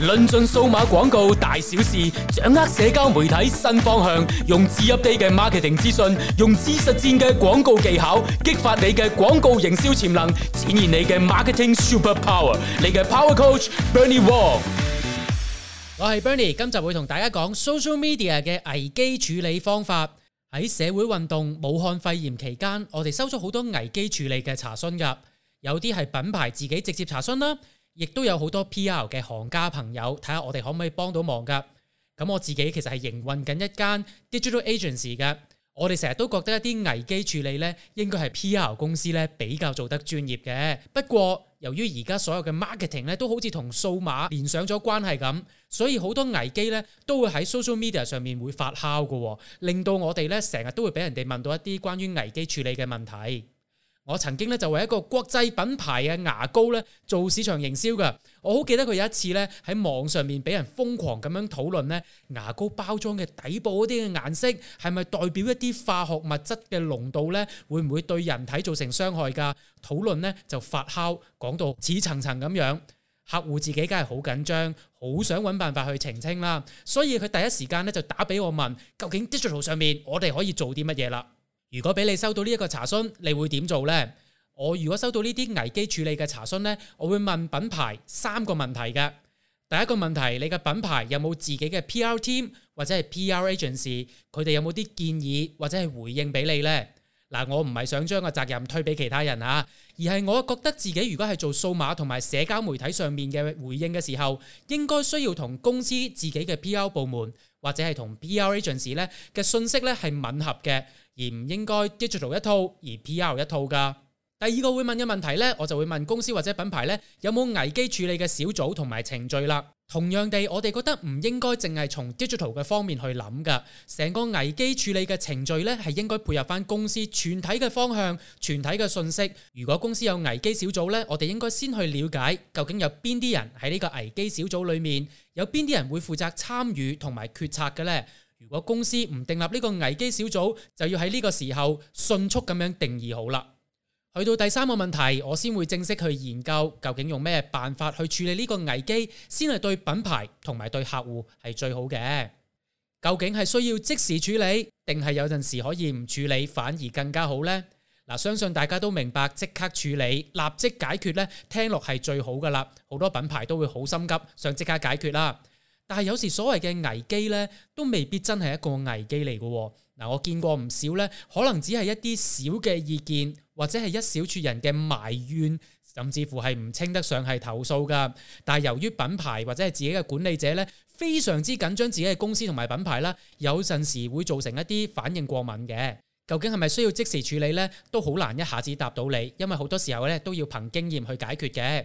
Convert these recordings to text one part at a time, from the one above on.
論盡數碼廣告大小事，掌握社交媒體新方向，用最 update 嘅 marketing 資訊，用知實戰嘅廣告技巧，激發你嘅廣告營銷潛能，展現你嘅 marketing super power。你嘅 power coach Bernie Wong，我係 Bernie，今集會同大家講 social media 嘅危機處理方法。喺社會運動、武漢肺炎期間，我哋收咗好多危機處理嘅查詢噶，有啲係品牌自己直接查詢啦。亦都有好多 PR 嘅行家朋友睇下我哋可唔可以幫到忙噶？咁我自己其實係營運緊一間 digital agency 嘅，我哋成日都覺得一啲危機處理咧應該係 PR 公司咧比較做得專業嘅。不過由於而家所有嘅 marketing 咧都好似同數碼連上咗關係咁，所以好多危機咧都會喺 social media 上面會發酵嘅，令到我哋咧成日都會俾人哋問到一啲關於危機處理嘅問題。我曾經咧就為一個國際品牌嘅牙膏咧做市場營銷㗎，我好記得佢有一次咧喺網上面俾人瘋狂咁樣討論咧牙膏包裝嘅底部嗰啲嘅顏色係咪代表一啲化學物質嘅濃度咧，會唔會對人體造成傷害噶？討論咧就發酵，講到似層層咁樣，客戶自己梗係好緊張，好想揾辦法去澄清啦，所以佢第一時間咧就打俾我問，究竟 digital 上面我哋可以做啲乜嘢啦？如果俾你收到呢一個查詢，你會點做呢？我如果收到呢啲危機處理嘅查詢呢，我會問品牌三個問題㗎。第一個問題，你嘅品牌有冇自己嘅 PR team 或者係 PR agency，佢哋有冇啲建議或者係回應俾你呢？嗱，我唔係想將個責任推俾其他人啊，而係我覺得自己如果係做數碼同埋社交媒體上面嘅回應嘅時候，應該需要同公司自己嘅 PR 部門。或者係同 PR agency 嘅信息咧係吻合嘅，而唔應該 digital 一套而 PR 一套㗎。第二個會問嘅問題呢，我就會問公司或者品牌呢，有冇危機處理嘅小組同埋程序啦。同樣地，我哋覺得唔應該淨係從 digital 嘅方面去諗噶，成個危機處理嘅程序呢，係應該配合翻公司全體嘅方向、全體嘅信息。如果公司有危機小組呢，我哋應該先去了解究竟有邊啲人喺呢個危機小組裏面，有邊啲人會負責參與同埋決策嘅呢？如果公司唔訂立呢個危機小組，就要喺呢個時候迅速咁樣定義好啦。去到第三個問題，我先會正式去研究究竟用咩辦法去處理呢個危機，先係對品牌同埋對客戶係最好嘅。究竟係需要即時處理，定係有陣時可以唔處理反而更加好呢？嗱，相信大家都明白，即刻處理、立即解決呢，聽落係最好噶啦。好多品牌都會好心急，想即刻解決啦。但係有時所謂嘅危機呢，都未必真係一個危機嚟噶。嗱，我見過唔少呢，可能只係一啲小嘅意見，或者係一小撮人嘅埋怨，甚至乎係唔稱得上係投訴噶。但係由於品牌或者係自己嘅管理者呢，非常之緊張自己嘅公司同埋品牌啦，有陣時會造成一啲反應過敏嘅。究竟係咪需要即時處理呢？都好難一下子答到你，因為好多時候呢，都要憑經驗去解決嘅。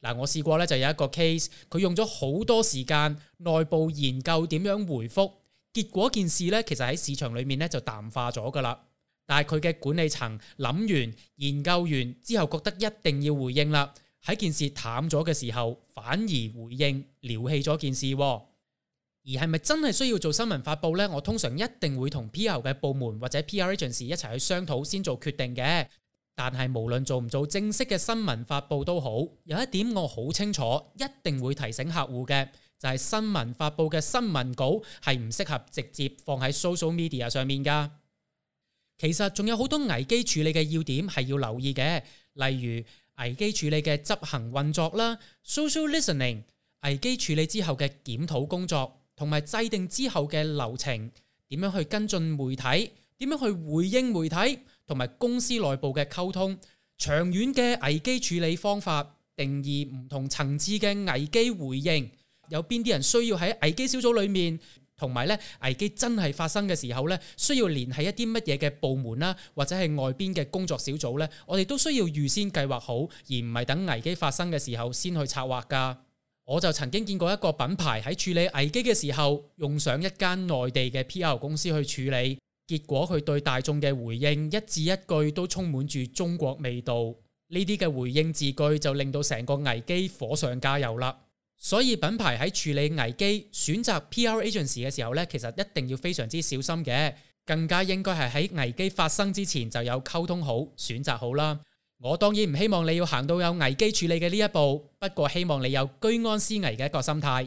嗱，我試過呢，就有一個 case，佢用咗好多時間內部研究點樣回覆。結果件事咧，其實喺市場裏面咧，就淡化咗噶啦。但係佢嘅管理層諗完、研究完之後，覺得一定要回應啦。喺件事淡咗嘅時候，反而回應撩起咗件事。而係咪真係需要做新聞發布呢？我通常一定會同 PR 嘅部門或者 PR agency 一齊去商討先做決定嘅。但係無論做唔做正式嘅新聞發布都好，有一點我好清楚，一定會提醒客戶嘅。就係新聞發布嘅新聞稿係唔適合直接放喺 social media 上面噶。其實仲有好多危機處理嘅要點係要留意嘅，例如危機處理嘅執行運作啦，social listening，危機處理之後嘅檢討工作，同埋制定之後嘅流程，點樣去跟進媒體，點樣去回應媒體，同埋公司內部嘅溝通，長遠嘅危機處理方法，定義唔同層次嘅危機回應。有邊啲人需要喺危機小組裏面，同埋咧危機真係發生嘅時候咧，需要聯繫一啲乜嘢嘅部門啦、啊，或者係外邊嘅工作小組咧，我哋都需要預先計劃好，而唔係等危機發生嘅時候先去策劃㗎。我就曾經見過一個品牌喺處理危機嘅時候，用上一間內地嘅 PR 公司去處理，結果佢對大眾嘅回應一字一句都充滿住中國味道。呢啲嘅回應字句就令到成個危機火上加油啦。所以品牌喺處理危機選擇 PR agency 嘅時候咧，其實一定要非常之小心嘅，更加應該係喺危機發生之前就有溝通好、選擇好啦。我當然唔希望你要行到有危機處理嘅呢一步，不過希望你有居安思危嘅一個心態。